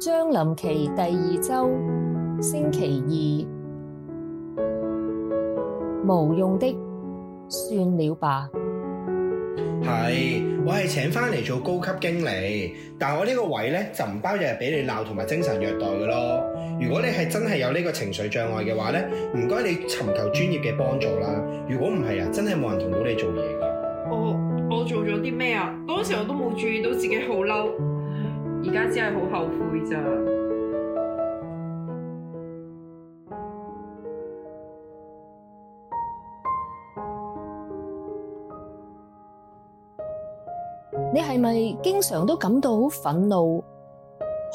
將臨期第二周星期二，無用的，算了吧。係，我係請翻嚟做高級經理，但係我呢個位咧就唔包日日俾你鬧同埋精神虐待嘅咯。如果你係真係有呢個情緒障礙嘅話咧，唔該你尋求專業嘅幫助啦。如果唔係啊，真係冇人同到你做嘢噶。我我做咗啲咩啊？當時我都冇注意到自己好嬲。而家只係好後悔咋？ 你係咪經常都感到好憤怒，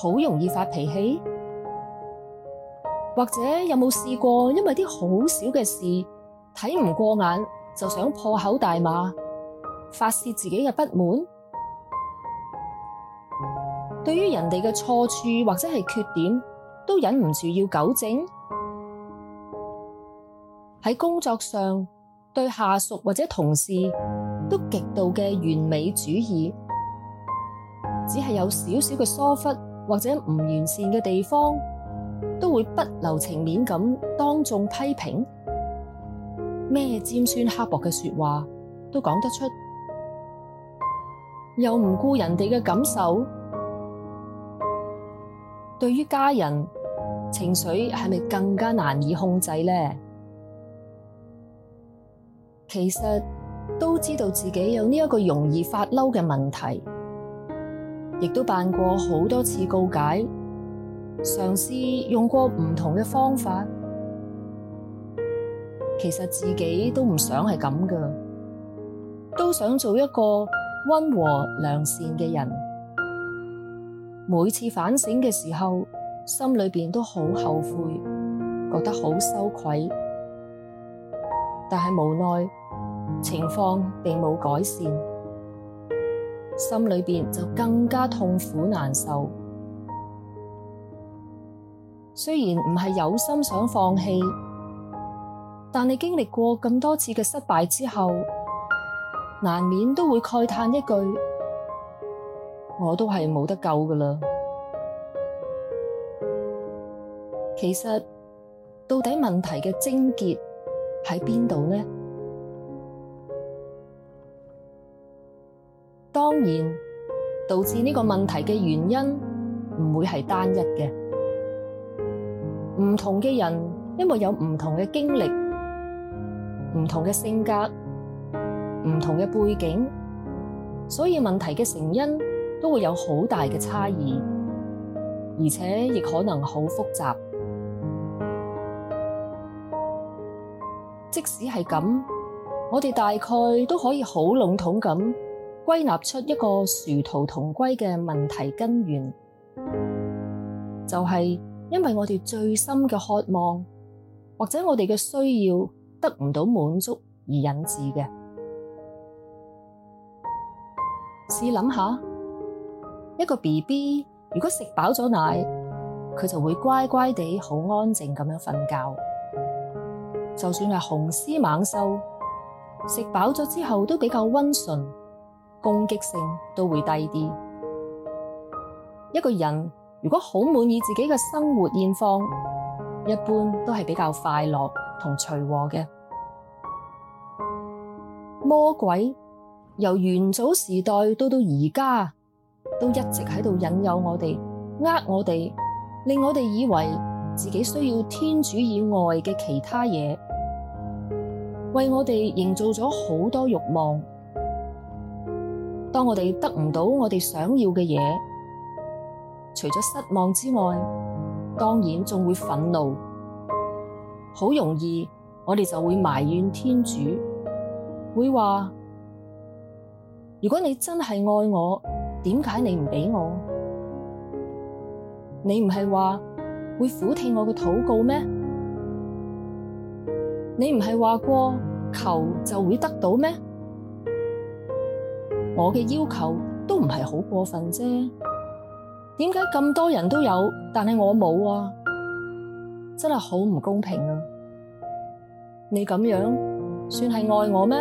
好容易發脾氣？或者有冇試過因為啲好小嘅事睇唔過眼就想破口大罵，發洩自己嘅不滿？對於人哋嘅錯處或者係缺點，都忍唔住要糾正；喺工作上對下屬或者同事都極度嘅完美主義，只係有少少嘅疏忽或者唔完善嘅地方，都會不留情面咁當眾批評。咩尖酸刻薄嘅說話都講得出，又唔顧人哋嘅感受。對於家人，情緒係咪更加難以控制呢？其實都知道自己有呢一個容易發嬲嘅問題，亦都辦過好多次告解，嘗試用過唔同嘅方法。其實自己都唔想係咁㗎，都想做一個溫和良善嘅人。每次反省嘅時候，心裏邊都好後悔，覺得好羞愧，但係無奈情況並冇改善，心裏邊就更加痛苦難受。雖然唔係有心想放棄，但你經歷過咁多次嘅失敗之後，難免都會慨嘆一句。我都係冇得救㗎喇。其實到底問題嘅癥結喺邊度呢？當然，導致呢個問題嘅原因唔會係單一嘅。唔同嘅人因為有唔同嘅經歷、唔同嘅性格、唔同嘅背景，所以問題嘅成因。都會有好大嘅差異，而且亦可能好複雜。即使係咁，我哋大概都可以好籠統咁歸納出一個殊途同歸嘅問題根源，就係因為我哋最深嘅渴望或者我哋嘅需要得唔到滿足而引致嘅。試諗下。一個 B B 如果食飽咗奶，佢就會乖乖地好安靜咁樣瞓覺。就算係雄獅猛獸，食飽咗之後都比較溫順，攻擊性都會低啲。一個人如果好滿意自己嘅生活現況，一般都係比較快樂同隨和嘅。魔鬼由原祖時代到到而家。都一直喺度引誘我哋，呃我哋，令我哋以為自己需要天主以外嘅其他嘢，為我哋營造咗好多慾望。當我哋得唔到我哋想要嘅嘢，除咗失望之外，當然仲會憤怒，好容易我哋就會埋怨天主，會話：如果你真係愛我。點解你唔畀我？你唔係話會俯聽我嘅禱告咩？你唔係話過求就會得到咩？我嘅要求都唔係好過分啫。點解咁多人都有，但係我冇啊？真係好唔公平啊！你咁樣算係愛我咩？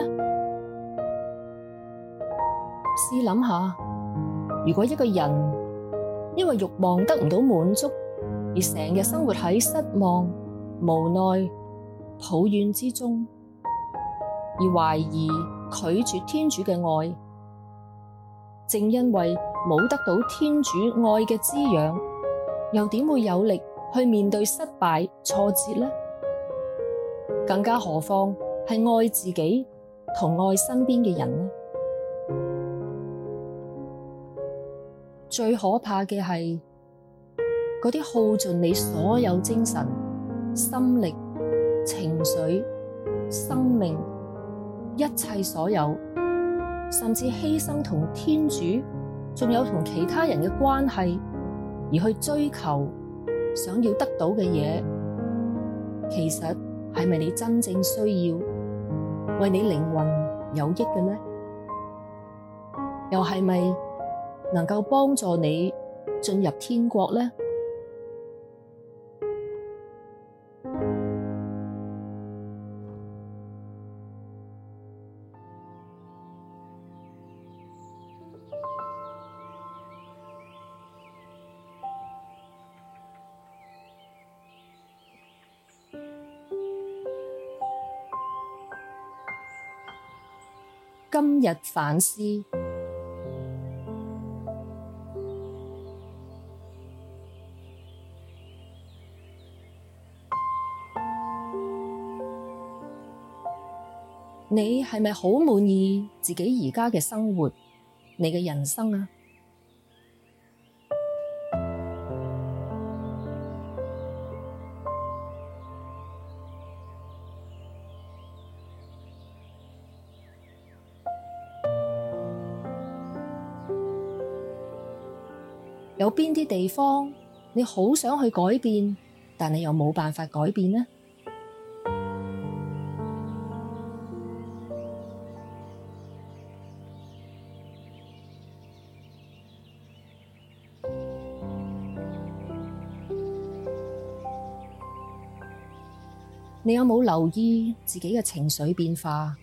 試諗下。如果一個人因為慾望得唔到滿足，而成日生活喺失望、無奈、抱怨之中，而懷疑拒絕天主嘅愛，正因為冇得到天主愛嘅滋養，又點會有力去面對失敗、挫折呢？更加何況係愛自己同愛身邊嘅人呢？最可怕嘅係，嗰啲耗盡你所有精神、心力、情緒、生命、一切所有，甚至犧牲同天主，仲有同其他人嘅關係，而去追求想要得到嘅嘢，其實係咪你真正需要，為你靈魂有益嘅呢？又係咪？能夠幫助你進入天國呢？今日反思。你係咪好滿意自己而家嘅生活？你嘅人生啊？有邊啲地方你好想去改變，但你又冇辦法改變呢？你有冇留意自己嘅情緒變化？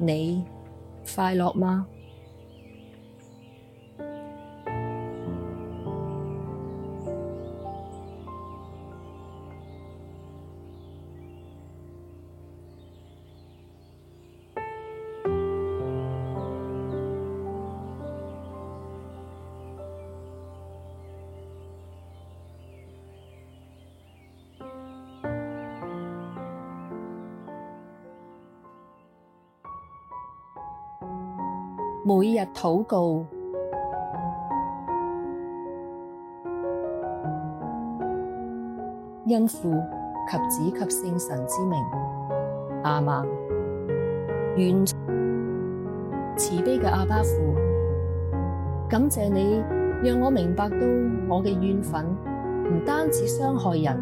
你快樂嗎？每日禱告，因父及子及聖神之名，阿們，願慈悲嘅阿爸父感謝你，讓我明白到我嘅怨憤唔單止傷害人，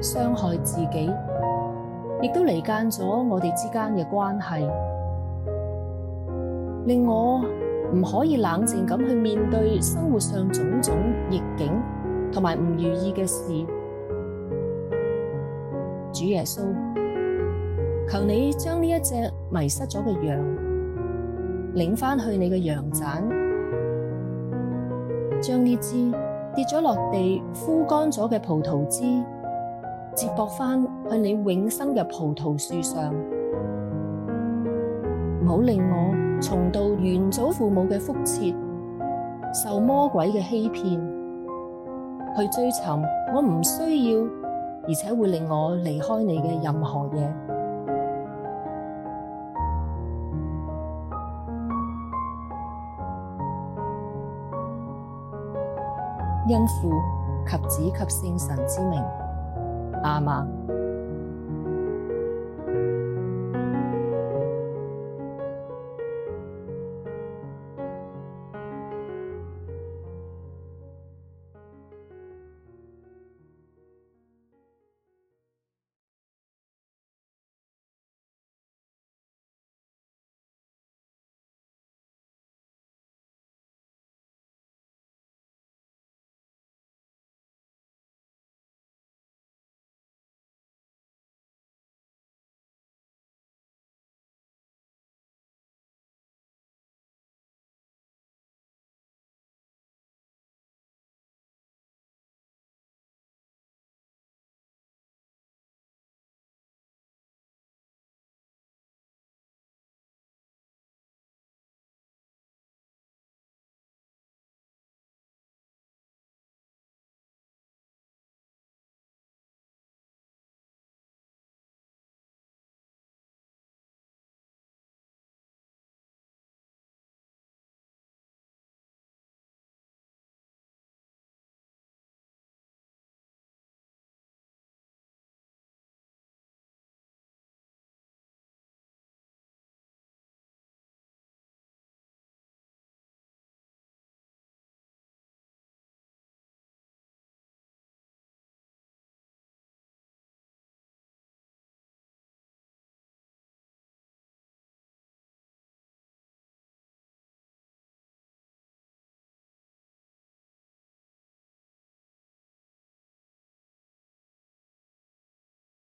傷害自己，亦都離間咗我哋之間嘅關係。令我唔可以冷靜咁去面對生活上種種逆境同埋唔如意嘅事，主耶穌，求你將呢一隻迷失咗嘅羊，領翻去你嘅羊棧，將呢枝跌咗落地枯乾咗嘅葡萄枝，接駁翻去你永生嘅葡萄樹上，唔好令我重蹈原祖父母嘅覆轍，受魔鬼嘅欺騙，去追尋我唔需要，而且會令我離開你嘅任何嘢。因 父及子及聖神之名，亞孟。